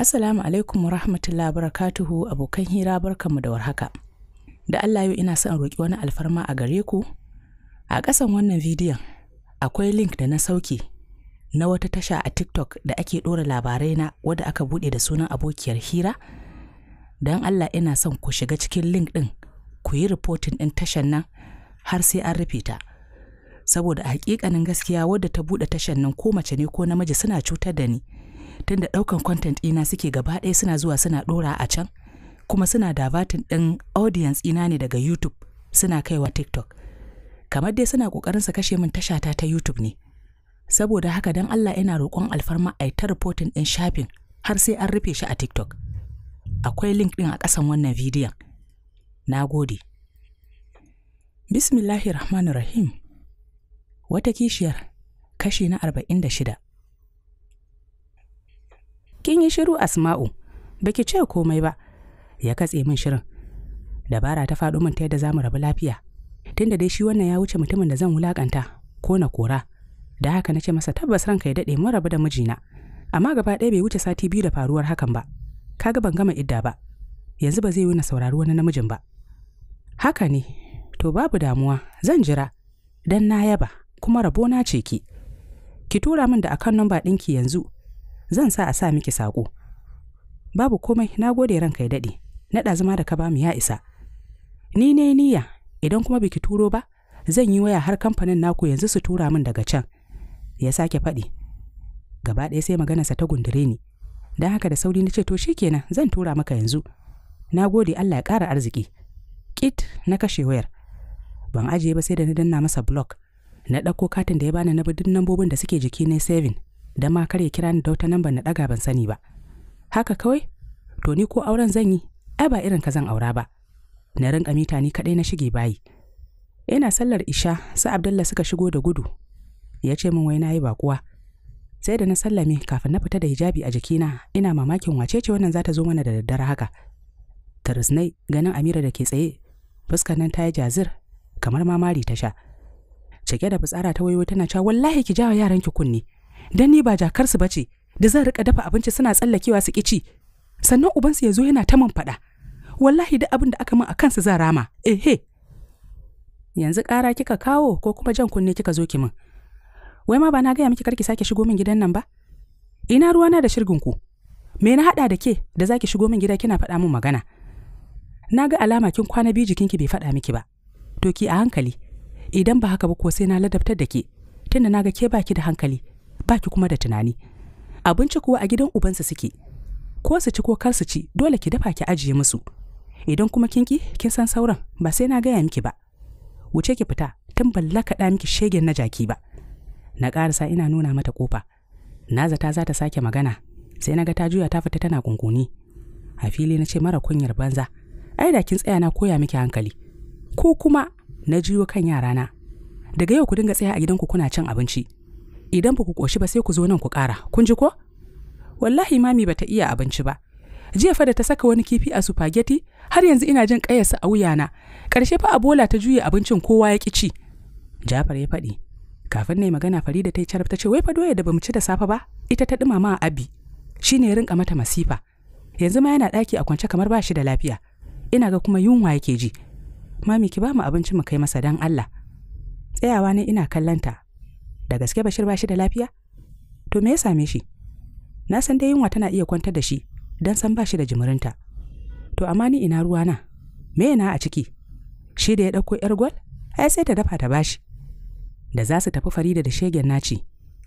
Assalamu alaikum wa rahmatullahi barakatuhu abokan hira barkanmu da warhaka. Da Allah yau ina son roƙi wani alfarma a gare ku. A ƙasan wannan bidiyon akwai link da na sauke na wata tasha a TikTok da ake ɗora labarai na wadda aka buɗe da sunan abokiyar hira. Don Allah ina son ku shiga cikin link ɗin ku yi reporting ɗin tashan nan har sai an rufe ta. Saboda hakikanin gaskiya wadda ta buɗe tashan nan ko mace ne ko namiji suna cutar da ni. tunda ɗaukan content ina suke gaba ɗaya suna zuwa suna ɗora a can kuma suna davatin ɗin audience ina ne daga YouTube suna kaiwa TikTok. Kamar dai suna ƙoƙarin su kashe min tashata ta YouTube ne. Saboda haka dan Allah ina roƙon alfarma a ta reporting ɗin shafin har sai an rufe shi a TikTok. Akwai link ɗin a ƙasan wannan bidiyon. Na gode. Bismillahir Rahim. Wata kishiyar kashi na arba'in da shida. kin yi shiru asma'u baki ce komai ba ya katse min shirin dabara ta faɗo min ta yadda za rabu lafiya tunda dai shi wannan ya wuce mutumin da zan wulakanta ko na kora da haka na ce masa tabbas ranka ya daɗe mun rabu da mijina amma gaba ɗaya bai wuce sati biyu da faruwar hakan ba kaga ban gama idda ba yanzu ba zai yi na saurari wani namijin ba haka ne to babu damuwa zan jira dan na yaba kuma rabona ce ki ki tura min da akan namba ɗinki yanzu zan sa a sa miki sako. babu komai na gode ranka ya daɗe naɗa zama da ka bamu ya isa ni ne niyya idan kuma biki turo ba zan yi waya har kamfanin naku yanzu su tura min daga can ya sake faɗi gaba ɗaya sai maganarsa ta gundure ni don haka da sauri na ce to kenan zan tura maka yanzu na gode allah ya ƙara arziki kit na kashe wayar ban ajiye ba sai da na danna masa block na ɗauko katin da ya bani na bi duk nambobin da suke jiki na saving da ma kar ya kira ni da wata namba na daga ban sani ba haka kawai to ni ko auren zan yi ai ba irin ka zan aura ba na rinka mita ni kadai na shige bayi ina sallar isha sa abdullah suka shigo da gudu ya ce min wai na yi bakuwa sai da na sallame kafin na fita da hijabi a jikina ina mamakin wace ce wannan za ta zo mana da daddare haka tarisnai ganin amira da ke tsaye fuskar nan ta yi jazir kamar mamari ta sha cike da fitsara ta wayo tana cewa wallahi ki jawa yaran ki kunne dan ni ba jakarsu ba ce da zan rika dafa abinci suna tsallakewa su ci sannan ubansu ya zo yana ta min faɗa wallahi duk abin da aka min a kansu zan rama ehe yanzu kara kika kawo ko kuma jan kunne kika zo ki min wai ma ba na gaya miki karki sake shigo min gidan nan ba ina ruwa na da shirgin ku me na haɗa da ke da zaki shigo min gida kina faɗa min magana na ga alama kin kwana biyu jikinki bai faɗa miki ba to ki a hankali idan ba haka ba ko sai na ladabtar da ke tunda na ga ke baki da hankali baki kuma da tunani abinci kuwa a gidan ubansa suke ko su ci ko kar su ci dole ki dafa ki ajiye musu idan kuma kin ki kin san sauran ba sai na gaya miki ba wuce ki fita tun balla kaɗa miki shegen na jaki ba na ƙarasa ina nuna mata kofa na zata za ta sake magana sai na ga ta juya ta fita tana kunkuni a fili na ce mara kunyar banza ai da kin tsaya na koya miki hankali ko kuma na jiyo kan yarana daga yau ku dinga tsaya a gidanku kuna cin abinci idan ba ku ƙoshi ba sai ku zo nan ku ƙara kun ji ko wallahi mami bata iya abinci ba jiya fa da ta saka wani kifi a supageti har yanzu ina jin ƙayarsa a wuyana ƙarshe fa a bola ta juye abincin kowa ya ƙi ci jafar ya faɗi kafin na yi magana farida ta yi carab ta ce wai fa doya da bamu ci da safe ba ita ta ɗumama a abi shi ne rinƙa mata masifa yanzu ma yana ɗaki a kwance kamar ba shi da lafiya ina ga kuma yunwa yake ji mami ki ba mu abinci mu kai masa dan Allah tsayawa ne ina kallanta da gaske Bashir ba shi da lafiya? To me ya same shi? Na san dai yunwa tana iya kwantar da shi don san ba shi da jimirinta. To amma ni ina ruwa na? Me yana a ciki? Shi da ya ɗauko ‘yar gwal? Ai sai ta dafa ta bashi. Da za su tafi Farida da shegen naci,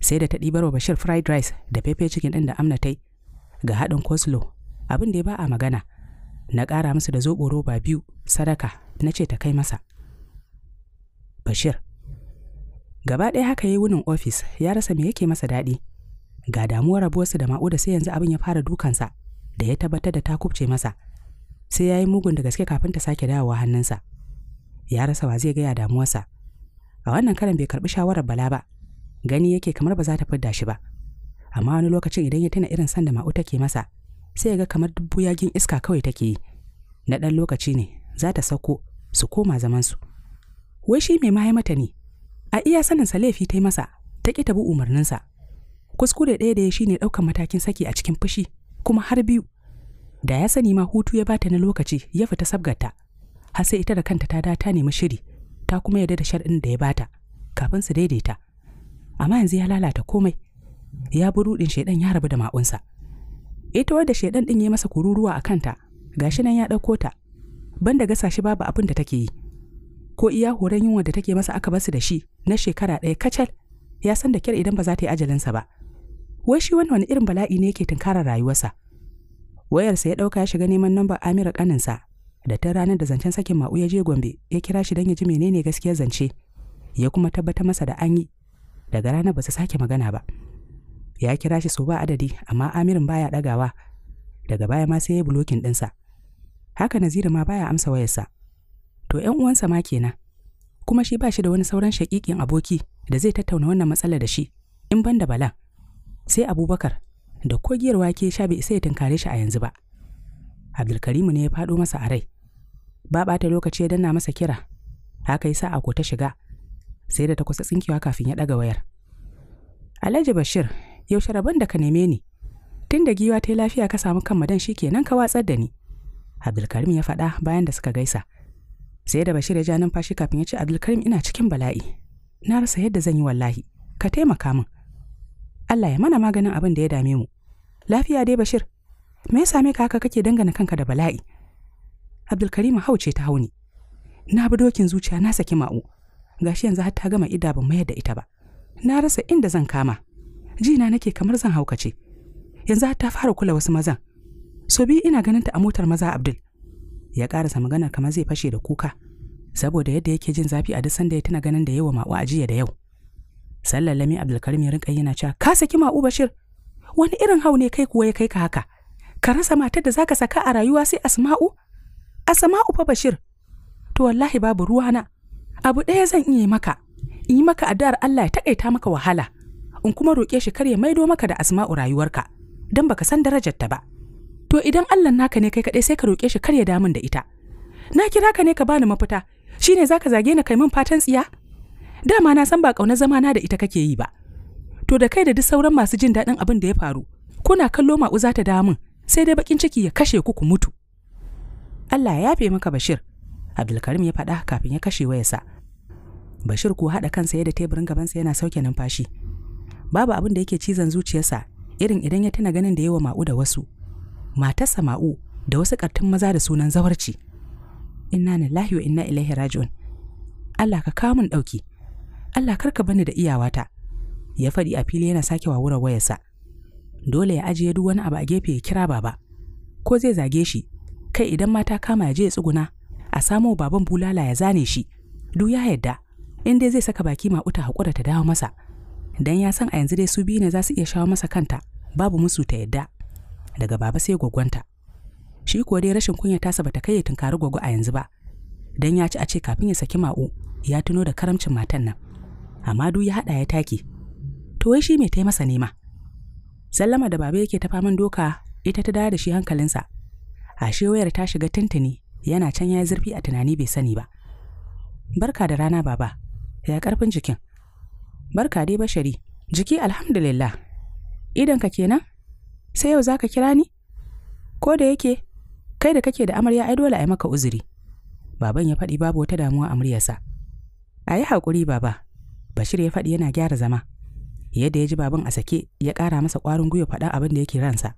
sai da ta ɗibar wa Bashir fried rice da pepe chicken ɗin da Amna tai ga haɗin coleslaw abin da ya ba a magana. Na ƙara musu da zoɓo roba biyu sadaka na ce ta kai masa. Bashir, gaba ɗaya haka yi wunin ofis ya rasa me yake masa daɗi ga damuwar rabuwarsa da ma'uda sai yanzu abin ya fara dukansa da ya tabbatar da ta kubce masa sai ya yi mugun da gaske kafin ta sake dawowa hannunsa ya rasa wa zai gaya damuwarsa a wannan karan bai karɓi shawarar bala ba gani yake kamar ba za ta fidda shi ba amma wani lokacin idan ya tana irin sanda ma'u take masa sai ya ga kamar dubbu yagin iska kawai take yi na ɗan lokaci ne za ta sauko su koma zamansu wai shi mai mata ne a iya sanin sa laifi ta yi masa ta ƙi ta bi umarninsa kuskure ɗaya da ya shine ɗaukan matakin saki a cikin fushi kuma har biyu da ya sani ma hutu ya bata na lokaci ya fita sabgarta har sai ita da kanta ta da ta nemi shiri ta kuma yarda da sharɗin da ya bata kafin su daidaita amma yanzu ya lalata komai ya bi rudin shaidan ya rabu da ma'unsa ita wadda shaiɗan ɗin ya masa kururuwa a kanta gashi nan ya ɗauko ta banda gasa shi babu abin da take yi ko iya horon yunwa da take masa aka basu da shi na shekara ɗaya kacal ya san da kyar idan ba za ta yi ajalinsa ba wai shi wani wani irin bala'i ne yake tunkara rayuwarsa wayarsa ya ɗauka ya shiga neman namba amira ƙaninsa da ta ranar da zancen sakin ma'u ya je gombe ya kira shi don ya ji menene gaskiyar zance ya kuma tabbatar masa da an yi daga ranar ba su sake magana ba ya kira shi sau ba adadi amma amirin baya ɗagawa daga baya ma sai ya yi bulokin ɗinsa haka nazira ma baya amsa wayarsa to ‘yan uwansa ma kenan kuma shi ba shi da wani sauran shaƙiƙin aboki da zai tattauna wannan matsala da shi in ban da bala sai abubakar da kogiyar wake sha bai isa ya tunkare shi a yanzu ba abdulkarimu ne ya faɗo masa a rai ba ɓata lokaci ya danna masa kira haka yi sa'a ko ta shiga sai da ta kusa tsinkewa kafin ya ɗaga wayar alhaji bashir yaushe rabon da ka neme ni tun da giwa ta yi lafiya ka samu kan madan shi kenan ka watsar da ni abdulkarim ya faɗa bayan da suka gaisa sai da bashir ya ja numfashi kafin ya ce abdulkarim ina cikin bala'i na rasa yadda zan yi wallahi ka taimaka min allah ya mana maganin abin da ya dame mu lafiya dai bashir me ya same ka haka kake dangana kanka da bala'i abdulkarim hau ce ta hauni na bi dokin zuciya na saki ma'u gashi yanzu har ta gama ida ban mayar da ita ba na rasa inda zan kama jina nake kamar zan haukace yanzu har ta fara kula wasu mazan so bi ina ganin ta a motar maza abdul ya karasa maganar kamar zai fashe da kuka saboda yadda yake jin zafi a duk sanda ya tuna ganin da yawa ma'u a jiya da yau sallar lami abdulkarim ya rinka yana cewa ka saki ma'u bashir wani irin hau ne kai kuwa ya kai ka haka ka rasa matar da zaka saka a rayuwa sai asma'u asma'u fa bashir to wallahi babu ruwa na. abu ɗaya zan iya maka in yi maka addu'ar Allah ya takaita maka wahala in kuma roke shi kar ya maido maka da asma'u rayuwarka don baka san darajar ta ba to idan Allah naka ne kai kaɗai sai ka roƙe shi kar ya damun da ita na kira ka ne ka bani mafita shine zaka zage ni kai min fatan tsiya dama na san ba ƙaunar zama na da ita kake yi ba to da kai da duk sauran masu jin daɗin abin da ya faru kuna kallo ma za ta damun sai dai bakin ciki ya kashe ku ku mutu Allah ya yafe maka Bashir Abdulkarim ya faɗa kafin ya kashe wayarsa Bashir ko haɗa kansa ya da teburin gabansa yana sauke numfashi babu abin da yake cizon zuciyarsa irin idan ya tuna ganin da yawa ma'u da wasu Mata sama'u da wasu ƙartun maza da sunan zawarci inna na lahiyo inna ilaihi raji'un Allah ka kawo min ɗauki Allah kar ka bani da iyawata ya faɗi a fili yana sake wa wawura wayarsa dole ya ajiye duk wani abu a gefe ya kira baba ko zai zage shi kai idan mata kama ya je ya tsuguna a samo baban bulala ya zane shi duk ya yadda in dai zai saka baki ma uta hakura ta dawo masa dan ya san a yanzu dai su biyu ne za su iya shawo masa kanta babu musu ta yadda daga baba sai gwaggonta shi kuwa dai rashin kunya tasa bata kai ya tunkari gwaggo a yanzu ba dan ya ci a ce kafin ya saki ma'u ya tuno da karamcin matan nan amma duk ya haɗa ya take to wai shi mai tai masa nema sallama da baba yake ta faman doka ita ta dawo da shi hankalinsa ashe wayar ta shiga tuntuni yana can ya zurfi a tunani bai sani ba barka da rana baba ya karfin jikin barka dai bashari jiki alhamdulillah ka kenan sai yau za ka kira ni ko da yake kai da kake da amarya ai dole a yi maka uzuri baban ya faɗi babu wata damuwa a muryarsa a yi haƙuri baba bashir ya faɗi yana gyara zama yadda ya ji baban a sake ya ƙara masa ƙwarin gwiwa faɗa abin da yake ransa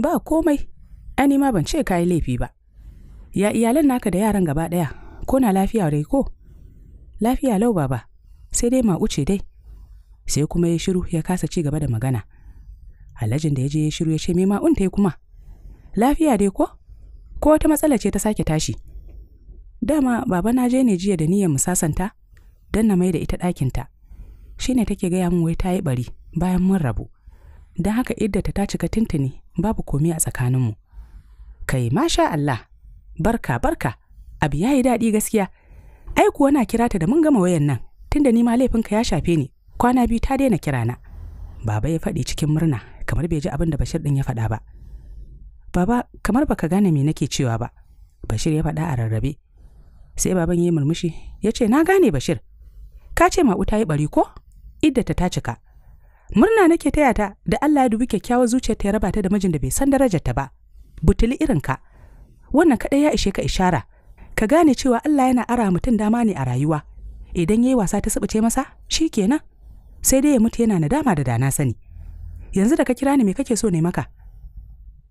ba komai ani ma ban ce ka yi laifi ba ya iyalan naka da yaran gaba ɗaya ko na lafiya rai ko lafiya lau baba sai dai ma uce dai sai kuma ya shiru ya kasa ci gaba da magana alhajin da ya je ya shiru ya ce me ma ta yi kuma lafiya dai ko ko wata matsala ce ta sake tashi dama baba na je ne jiya da niyyar mu sasanta don na mai da ita ɗakinta ne take gaya min wai ta yi bari bayan mun rabu don haka idda ta cika tintini babu komi a tsakaninmu kai masha Allah barka barka abu ya yi daɗi gaskiya ai kuwa na kira ta da mun gama wayan nan tunda ni ma laifinka ya shafe ni kwana biyu ta daina kirana baba ya faɗi cikin murna kamar bai ji abin da Bashir din ya faɗa ba. Baba, kamar baka gane me nake cewa ba. Bashir ya faɗa a rarrabe. Sai baban ya yi murmushi, ya ce, Na gane Bashir, ka ce ma ta yi ɓari ko? Idda ta ta cika. Murna nake taya ta da Allah ya dubi kyakkyawar zuciyar ta ya raba ta da mijin da bai san darajar ta ba. Butuli irin ka. Wannan kaɗai ya ishe ka ishara. Ka gane cewa Allah yana ara mutum dama ne a rayuwa. Idan ya yi wasa ta sabuce masa, shi kenan. Sai dai ya mutu yana nadama da dana sani. yanzu da ka kira ni me kake so ne maka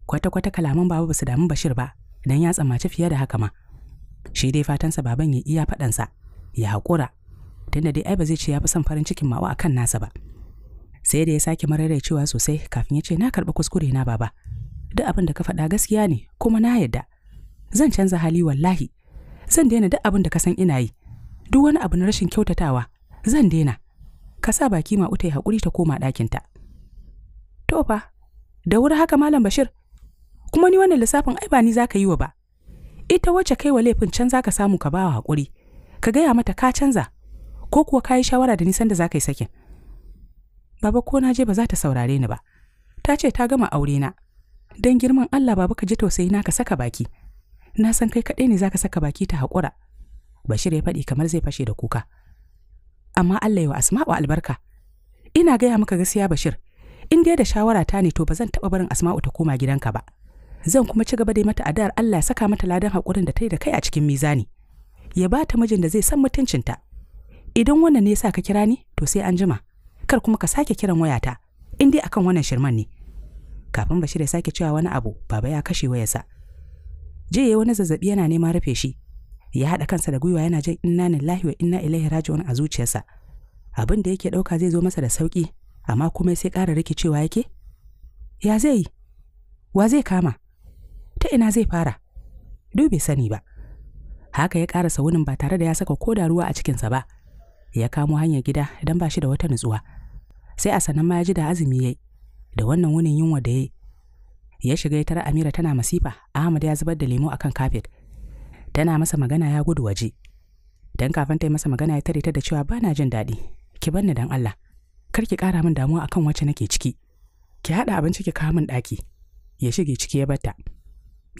kwata-kwata kalaman baba basu damu bashir ba don ya tsammaci fiye da haka ma shi dai fatansa baban ya iya faɗansa ya haƙura tunda dai ai ba zai ce ya fi son farin cikin mawa akan nasa ba sai da ya sake cewa sosai kafin ya ce na karɓi kuskure na baba duk abin da ka faɗa gaskiya ne kuma na yadda zan canza hali wallahi zan daina duk abin da ka san ina yi duk wani abu na rashin kyautatawa zan daina ka sa baki ma uta ya haƙuri ta koma ɗakinta To fa, da wuri haka Malam Bashir, kuma ni wannan lissafin ai ba ni za ka yi wa ba. Ita wacce kai wa laifin can za ka samu ka ba wa haƙuri, ka gaya mata ka canza, ko kuwa ka yi shawara da nisan da za ka yi sakin. Baba ko na je ba za ta saurare ni ba, ta ce ta gama aure na. Don girman Allah baba ka ji tausayi na ka saka baki. Na san kai kaɗai ne za ka saka baki ta haƙura. Bashir ya faɗi kamar zai fashe da kuka. Amma Allah ya wa Asma'u albarka. Ina gaya maka gaskiya Bashir, in dai da shawara ta ne to ba zan taɓa barin asma'u ta koma gidanka ba zan kuma ci gaba da mata addu'ar Allah ya saka mata ladan haƙurin da ta yi da kai a cikin mizani ya ba ta mijin da zai san mutuncinta idan wannan ne sa ka kira ni to sai an jima kar kuma ka sake kiran wayata in dai akan wannan shirman ne kafin Bashir ya sake cewa wani abu baba ya kashe wayarsa jiya yayi wani zazzabi yana neman rufe shi ya haɗa kansa da gwiwa yana jin inna lillahi wa inna ilaihi raji'un a zuciyarsa abin da yake ɗauka zai zo masa da sauki. amma kuma sai ƙara rikicewa yake ya zai yi wa zai kama ta ina zai fara bai sani ba haka ya ƙara sawunin ba tare da ya saka ko da ruwa a cikinsa ba ya kamo hanyar gida don ba shi da wata nutsuwa sai a sannan ma ya ji da azumi ya da wannan wunin yunwa da ya ya shiga ya tara amira tana masifa ahmad ya zubar da lemo akan kafet tana masa magana ya gudu waje dan kafin ta yi masa magana ya tare ta da cewa ba na jin daɗi ki banni dan allah kar ki kara min damuwa akan wacce nake ciki ki haɗa abinci ki kawo min ɗaki ya shige ciki ya bata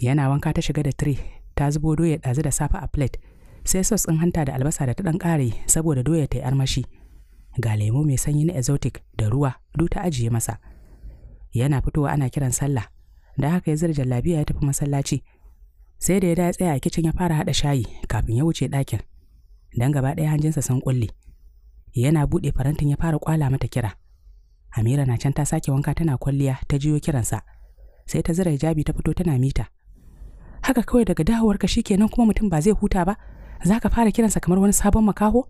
yana wanka ta shiga da tire ta zubo doya ɗazu da safa a plate sai sos ɗin hanta da albasa da ta ɗan ƙare saboda doya ta yi armashi ga lemo mai sanyi na exotic da ruwa duk ta ajiye masa yana fitowa ana kiran sallah da haka ya zira labiya ya tafi masallaci sai da ya da tsaya a kicin ya fara haɗa shayi kafin ya wuce ɗakin dan gaba ɗaya hanjinsa sun ƙulle yana buɗe farantin ya fara kwala mata kira amira na can ta sake wanka tana kwalliya ta jiyo kiransa sai ta zira hijabi ta fito tana mita haka kawai daga dawowarka shikenan kuma mutum ba zai huta ba zaka fara kiransa kamar wani sabon makaho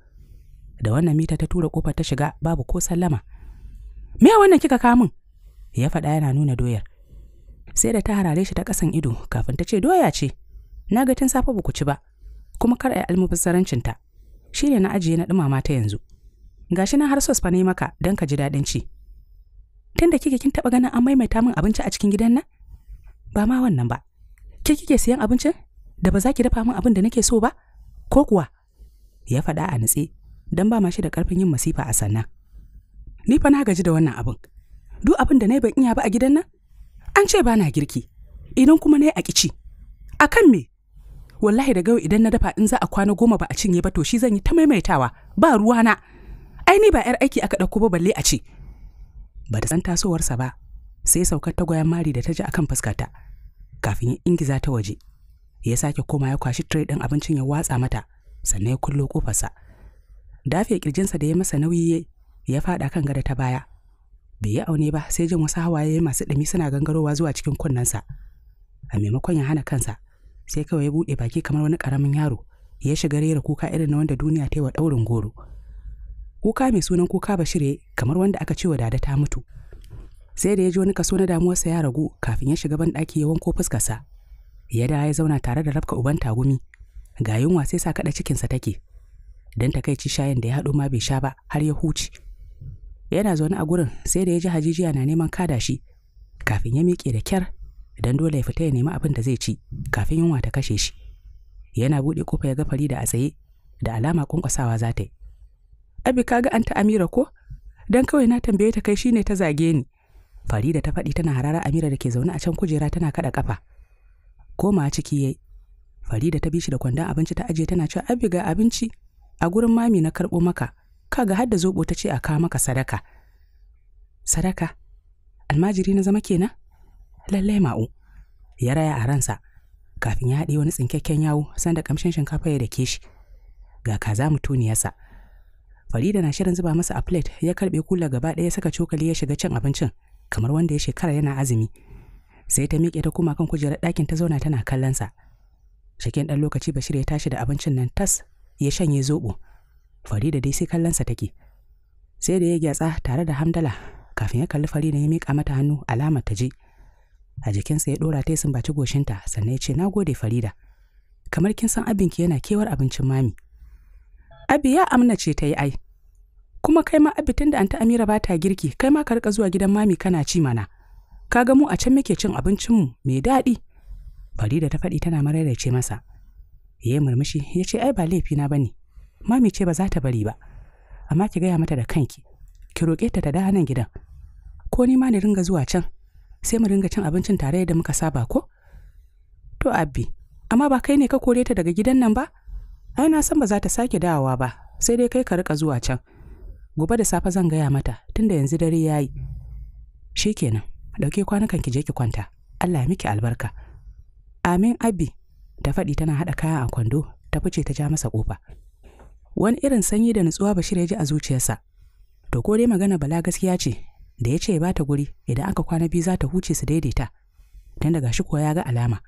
da wannan mita ta tura kofar ta shiga babu ko sallama me wannan kika kamun ya faɗa yana nuna doyar sai da ta harare shi ta kasan ido kafin ta ce doya ce na ga tun safe ba ku ci ba kuma kar a yi almubazzarancinta shi ne na ajiye na ɗumama ta yanzu gashi nan har sos fa ne maka don ka ji daɗin ci tunda kike kin taɓa ganin an maimaita min abinci a cikin gidan nan ba ma wannan ba ke kike siyan abincin da ba za ki dafa min abin da nake so ba ko kuwa ya faɗa a nutse don ba ma shi da ƙarfin yin masifa a sannan ni fa na gaji da wannan abin duk abin da na ban iya ba a gidan nan an ce ba na girki idan kuma na yi a kici a kan me wallahi da gawa idan na dafa in za a kwana goma ba a cinye ba to shi zan yi ta maimaitawa ba ruwana na ai ni ba 'yar aiki aka ɗauko ba balle a ce ba da san tasowarsa ba sai saukar tagwayen mari da ta ji akan fuskata kafin ya ingiza ta waje ya sake koma ya kwashi tire din abincin ya watsa mata sannan ya kullo kofarsa dafe kirjinsa da ya masa nauyi ya faɗa kan gada ta baya bai yi aune ba sai jin wasu hawaye masu dumi suna gangarowa zuwa cikin kunnensa a maimakon ya hana kansa sai kawai ya bude baki kamar wani karamin yaro ya shiga rera kuka irin na wanda duniya ta yi wa ɗaurin goro kuka mai sunan kuka ba ya kamar wanda aka ce dada ta mutu sai da ya ji wani kaso na damuwarsa ya ragu kafin ya shiga ban ɗaki ya wanko fuskarsa ya da ya zauna tare da rafka uban tagumi ga yunwa sai sa kaɗa cikinsa take don takaici shayin da ya haɗu ma bai sha ba har ya huce yana zaune a gurin sai da ya ji hajijiya na neman kada shi kafin ya miƙe da kyar don dole ya fita ya nemi abin da zai ci kafin yunwa ta kashe shi yana buɗe kofa ya ga fari da a tsaye da alama kwankwasawa za ta yi abi ga anta amira ko dan kawai na tambaye ta kai shine ta zage ni farida ta faɗi tana harara amira da ke zaune a can kujera tana kada kafa koma ciki yayi farida ta bi shi da kwandon abinci ta ajiye tana cewa abi ga abinci a gurin mami na karɓo maka kaga har da zobo ta ce a kawo maka sadaka sadaka almajiri na zama kenan lallai ma'u ya raya a ransa kafin ya haɗe wani tsinkakken yawo sanda kamshin shinkafa ya dake shi ga kaza mutuniyarsa Farida na shirin zuba masa a plate ya karbe kula gaba ɗaya saka cokali ya shiga cin abincin kamar wanda ya shekara yana azumi. Sai ta miƙe ta koma kan kujerar ɗakin ta zauna tana kallon sa. Cikin ɗan lokaci Bashir ya tashi da abincin nan tas ya shanye zobo Farida dai sai kallon sa take. Sai da ya gyatsa tare da hamdala kafin ya kalli Farida ya miƙa mata hannu alamar ta je. A jikinsa ya ɗora ta ya sumbaci goshinta sannan ya ce na gode Farida. Kamar kin san abinki yana kewar abincin mami. Abi ya amna ce ta yi ai. Kuma kai ma Abi tunda anta Amira bata girki, kai ma ka rika zuwa gidan mami kana ci mana. Ka ga mu a can muke cin abincinmu mai daɗi. da ta faɗi tana ce masa. Ya murmushi ya ce ai ba laifi na ne. Mami ce ba za ta bari ba. Amma ki gaya mata da kanki. Ki roƙe ta ta da nan gidan. Ko ni ma ni ringa zuwa can. Sai mu ringa cin abincin tare da muka saba ko? To Abbi, amma ba kai ne ka kore ta daga gidan nan ba? ai na san ba za ta sake dawowa ba sai dai kai ka rika zuwa can gobe da safe zan gaya mata tunda yanzu dare ya yi shikenan dauke kwanukan ki je ki kwanta allah ya miki albarka amin abi ta faɗi tana haɗa kayan a kwando ta fice ta ja masa ƙofa wani irin sanyi da nutsuwa bashir ya ji a zuciyarsa to ko dai magana bala gaskiya ce da ya ce ya bata guri idan aka kwana biyu za ta huce su daidaita tun daga shi kuwa ya ga alama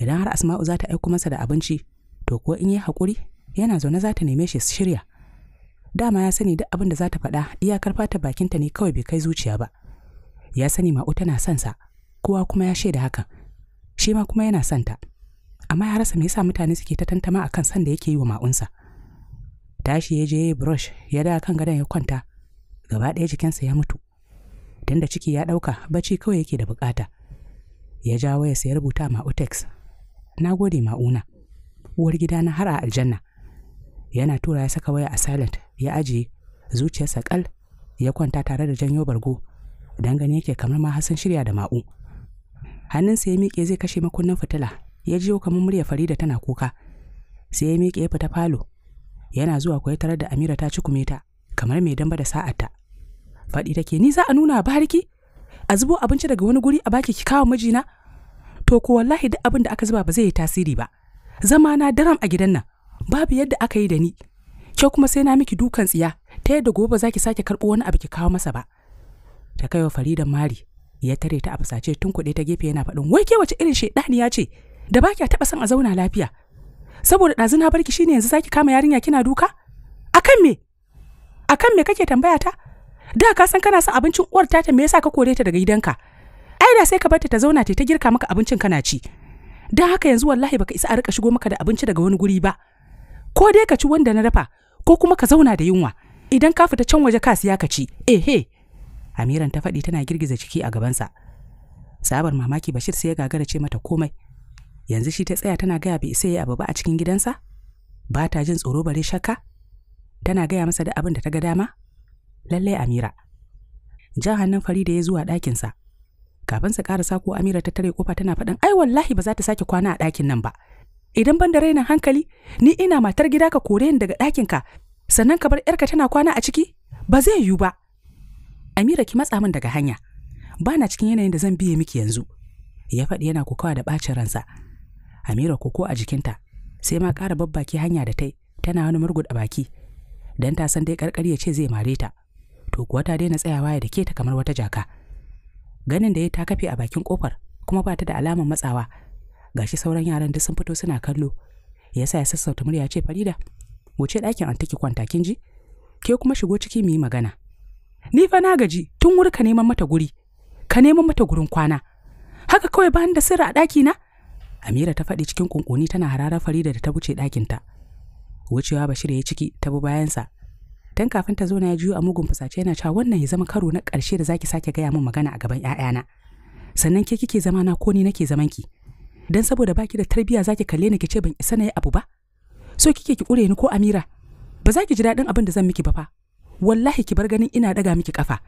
idan har asma'u za ta aiko masa da abinci to ko in yi hakuri, yana zaune za ta neme shi shirya dama ya sani duk abin da za ta faɗa iyakar fata bakinta ne kawai bai kai zuciya ba ya sani ma'u tana son sa kowa kuma ya shaida hakan shi ma kuma yana son ta amma ya rasa me yasa mutane suke ta tantama akan son da yake yi wa ma'unsa tashi ya je ya brush ya da kan gadon ya kwanta gaba ɗaya jikinsa ya mutu dan da ciki ya ɗauka bacci kawai yake da bukata ya jawo ya sayar rubuta ma'u text na gode ma'una uwar gida na har a aljanna yana tura ya saka waya a silent ya ajiye zuciyarsa kal ya kwanta tare da janyo bargo dan gani yake kamar ma hasan shirya da ma'u hannunsa ya miƙe zai kashe makunnin fitila ya jiyo kamar murya farida tana kuka sai ya miƙe ya fita falo yana zuwa kuwa tarar da amira ta cikume ta kamar mai damba da ta. faɗi take ni za a nuna bariki a zubo abinci daga wani guri a baki ki kawo mijina to ko wallahi duk abin da aka zuba ba zai yi tasiri ba zama na daram a gidan nan babu yadda aka yi da ni ke kuma sai na miki dukan tsiya ta yadda gobe za ki sake karɓo wani abu ki kawo masa ba ta kaiwa farida mari ya tare ta a fusace tun kuɗe ta gefe yana faɗin wai ke wace irin ya ce da ba kya taɓa son a zauna lafiya saboda ɗazu na barki shine yanzu zaki kama yarinya kina duka akan me akan me kake tambaya ta da ka san kana son abincin uwar ta me yasa ka kore ta daga gidanka ai da sai ka bar ta ta zauna ta girka maka abincin kana ci don haka yanzu wallahi baka isa a rika shigo maka da abinci daga wani guri ba ko dai ka ci wanda na dafa ko kuma ka zauna da yunwa idan ka fita can waje ka ya ka ci ehe amiran ta faɗi tana girgiza ciki a gabansa sabar mamaki bashir sai ya gagara ce mata komai yanzu shi ta tsaya tana gaya bai isa ya abu ba a cikin gidansa ba ta jin tsoro bare shakka tana gaya masa da abin da ta ga dama lallai amira jan hannun farida ya zuwa ɗakinsa kafin su karasa ko amira ta tare kofa tana faɗin ai wallahi ba za ta sake kwana a ɗakin nan ba idan ban da raina hankali ni ina matar gida ka kore ni daga ɗakin ka sannan ka bar yarka tana kwana a ciki ba zai yiwu ba amira ki matsa min daga hanya ba na cikin yanayin da zan biye miki yanzu ya faɗi yana kokawa da ɓacin ransa amira koko a jikinta sai ma ƙara babbaki hanya da tai tana wani murguɗa baki dan ta san dai ƙarƙari ya ce zai mare ta to kuwa ta daina tsayawa ya dake ta kamar wata jaka ganin da ya ta kafe a bakin kofar kuma ba ta da alamar matsawa gashi sauran yaran duk sun fito suna kallo yasa ya sassauta murya ce farida wuce ɗakin an take kwanta kin ji ke kuma shigo ciki mu yi magana ni fa na gaji tun wuri ka neman mata guri ka neman mata gurin kwana haka kawai ba da sirra a ɗaki na amira ta faɗi cikin kunkuni tana hararar farida da ta wuce ɗakinta wucewa bashir ya ciki ta bi bayansa Tan kafin ta zo na ya juyo a mugun fusace yana cewa wannan ya zama karo na ƙarshe da zaki sake gaya min magana a gaban ƴaƴana sannan ke kike zama na ko ni nake zaman ki dan saboda baki da tarbiyya zaki kalle ni kice ban isa na yi abu ba so kike ki kure ni ko Amira ba za ki ji daɗin abin da zan miki ba fa wallahi ki bar ganin ina daga miki kafa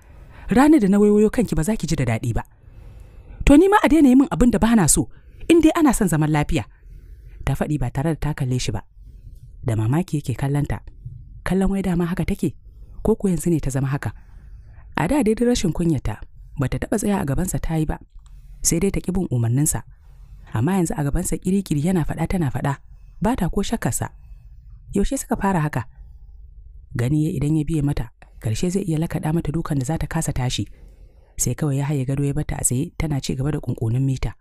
ranar da na wayoyo kanki ba za ki ji da daɗi ba to ni ma a daina yi min abin da bana so in dai ana son zaman lafiya ta faɗi ba tare da ta kalle shi ba da mamaki yake kallanta kallon wai dama haka take ko ko yanzu ne ta zama haka a da dai rashin kunyata bata taba taɓa tsaya a gabansa ta yi ba sai dai ta ƙi bin umarninsa amma yanzu a gabansa kirikiri yana faɗa tana faɗa ba ta ko shakarsa yaushe suka fara haka gani ya idan ya biye mata karshe zai iya lakaɗa mata dukan da za ta kasa tashi sai kawai ya haye gado ya bata a tsaye tana ci gaba da kunkunin mita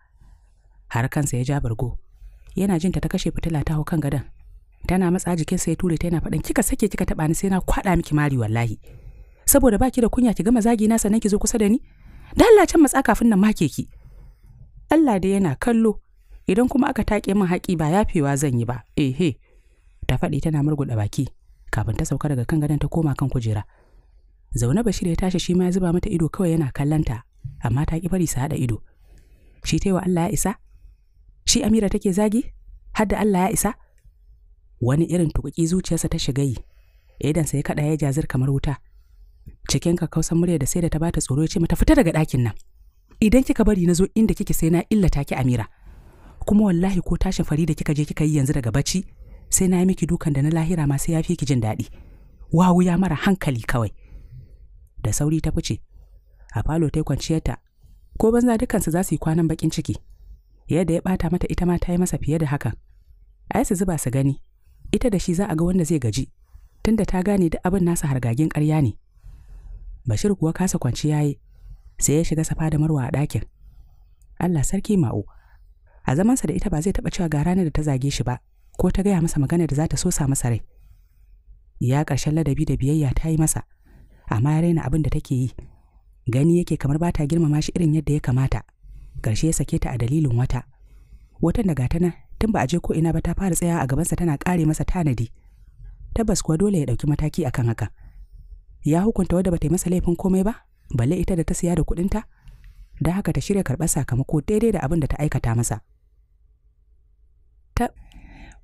har kansa ya ja bargo yana jinta ta ta kashe fitila ta hau kan gadon tana matsa jikin sa ya ture ta yana faɗin kika sake kika taɓa ni sai na kwaɗa miki mari wallahi saboda baki da kunya ki gama zagi na sannan ki zo kusa da ni da Allah can matsa kafin nan make ki Allah dai yana kallo idan kuma aka take min haƙi ba yafewa zan yi ba ehe ta faɗi tana murguɗa baki kafin ta sauka daga kan gadon ta koma kan kujera zaune bashir ya tashi shi ma ya zuba mata ido kawai yana kallanta amma ta ki bari su haɗa ido shi wa Allah ya isa shi Amira take zagi har da Allah ya isa wani irin tukuki zuciyarsa ta shiga yi idan ya kada ya jazir kamar wuta cikin kausan murya da sai da ta bata tsoro ya ce mata fita daga ɗakin nan idan kika bari na zo inda kike sai na illata ki amira kuma wallahi ko tashin fari da kika je kika yi yanzu daga bacci sai na yi miki dukan da na lahira ma sai ya fi ki jin daɗi wawu ya mara hankali kawai da sauri ta fice a falo ta kwanciyarta ko banza dukansu za su yi kwanan bakin ciki yadda ya bata mata ita ma ta yi masa fiye da hakan ai su zuba su gani ita da shi za a ga wanda zai gaji tunda ta gane duk abin nasa hargagen ƙarya ne bashir kuwa kasa kwanci yayi sai ya shiga safa da marwa a ɗakin allah sarki ma'o a zamansa da ita ba zai taɓa cewa ga ranar da ta zage shi ba ko ta gaya masa magana da za ta so sa masa rai ya ƙarshen ladabi da biyayya ta yi masa amma ya raina abin da take yi gani yake kamar ba ta girmama shi irin yadda ya kamata ƙarshe ya sake ta a dalilin wata watan daga ta nan tun ba a je ko ina ba ta fara tsaya a gabansa tana kare masa tanadi tabbas kuwa dole ya ɗauki mataki akan haka ya hukunta wadda bata yi masa laifin komai ba balle ita da ta siya da kuɗinta da haka ta shirya karɓar sakamako daidai da abin da ta aikata masa ta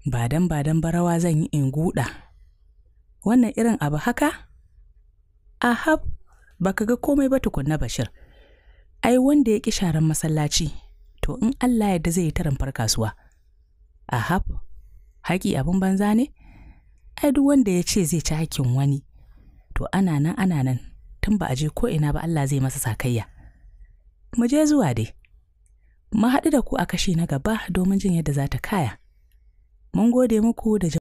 badan badan barawa zan yi in guda wannan irin abu haka ahab baka ga komai ba tukunna bashir ai wanda ya ki sharan masallaci to in allah yadda zai yi tarin kasuwa. ahab haƙi abin banza ne ai duk wanda ya ce zai ci haƙin wani to ana nan ana nan tun ba a je ko ina ba Allah zai masa sakayya mu je zuwa dai mu haɗu da ku a kashi na gaba domin jin yadda za ta kaya mun gode muku da